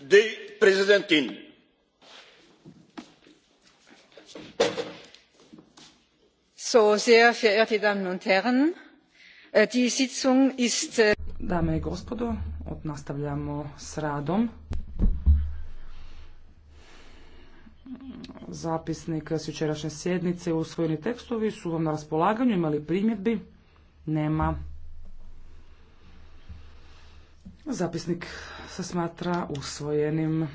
Äh, die präsidentin! Äh, dame i gospodo nastavljamo s radom. zapisnik s jučerašnje sjednice usvojeni tekstovi su vam na raspolaganju imali primjedbi nema. Zapisnik se smatra usvojenim.